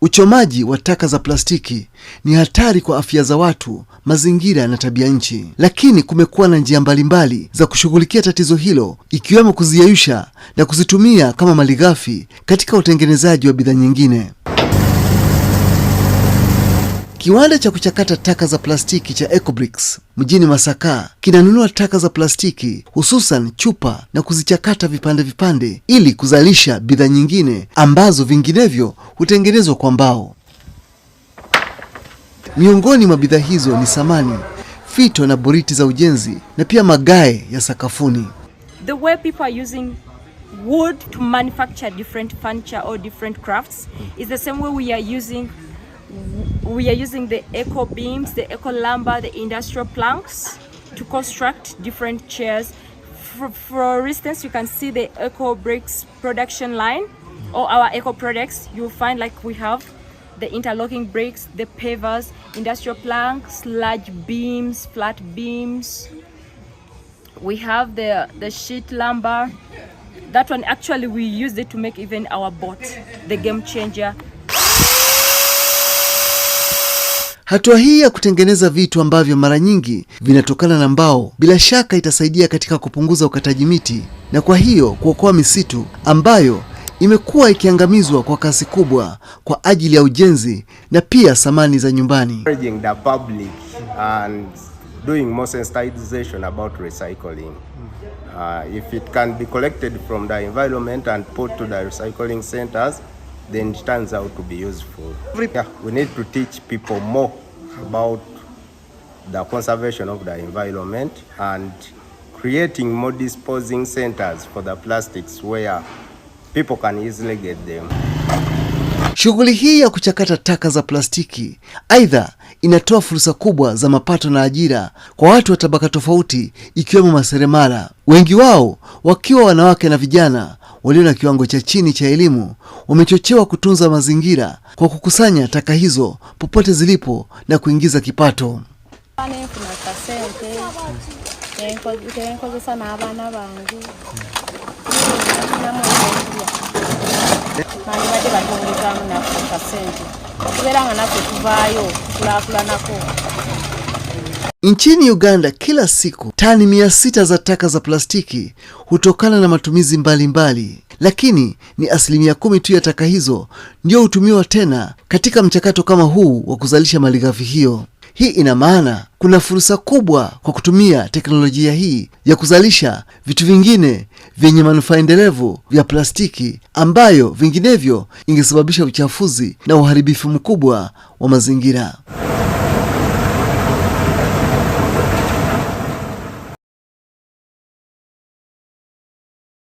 Uchomaji wa taka za plastiki ni hatari kwa afya za watu, mazingira na tabia nchi, lakini kumekuwa na njia mbalimbali za kushughulikia tatizo hilo, ikiwemo kuziyeyusha na kuzitumia kama malighafi katika utengenezaji wa bidhaa nyingine. Kiwanda cha kuchakata taka za plastiki cha Ecobricks mjini Masaka kinanunua taka za plastiki hususan chupa na kuzichakata vipande vipande ili kuzalisha bidhaa nyingine ambazo vinginevyo hutengenezwa kwa mbao. Miongoni mwa bidhaa hizo ni samani, fito na boriti za ujenzi na pia magae ya sakafuni. The way people are using wood to manufacture different furniture or different crafts is the same way we are using we are using the eco beams, the eco lumber, the industrial planks to construct different chairs. For, for instance, you can see the eco bricks production line or our eco products. You'll find like we have the interlocking bricks, the pavers, industrial planks, large beams, flat beams. We have the, the sheet lumber. That one actually we used it to make even our boat, the game changer Hatua hii ya kutengeneza vitu ambavyo mara nyingi vinatokana na mbao bila shaka itasaidia katika kupunguza ukataji miti na kwa hiyo kuokoa misitu ambayo imekuwa ikiangamizwa kwa kasi kubwa kwa ajili ya ujenzi na pia samani za nyumbani then it turns out to be useful. Yeah, we need to teach people more about the conservation of the environment and creating more disposing centers for the plastics where people can easily get them. Shughuli hii ya kuchakata taka za plastiki aidha inatoa fursa kubwa za mapato na ajira kwa watu wa tabaka tofauti, ikiwemo maseremala, wengi wao wakiwa wanawake na vijana walio na kiwango cha chini cha elimu wamechochewa kutunza mazingira kwa kukusanya taka hizo popote zilipo na kuingiza kipato. Nchini Uganda kila siku tani mia sita za taka za plastiki hutokana na matumizi mbalimbali mbali, lakini ni asilimia kumi tu ya taka hizo ndio hutumiwa tena katika mchakato kama huu wa kuzalisha malighafi hiyo. Hii ina maana kuna fursa kubwa kwa kutumia teknolojia hii ya kuzalisha vitu vingine vyenye manufaa endelevu vya plastiki ambayo vinginevyo ingesababisha uchafuzi na uharibifu mkubwa wa mazingira.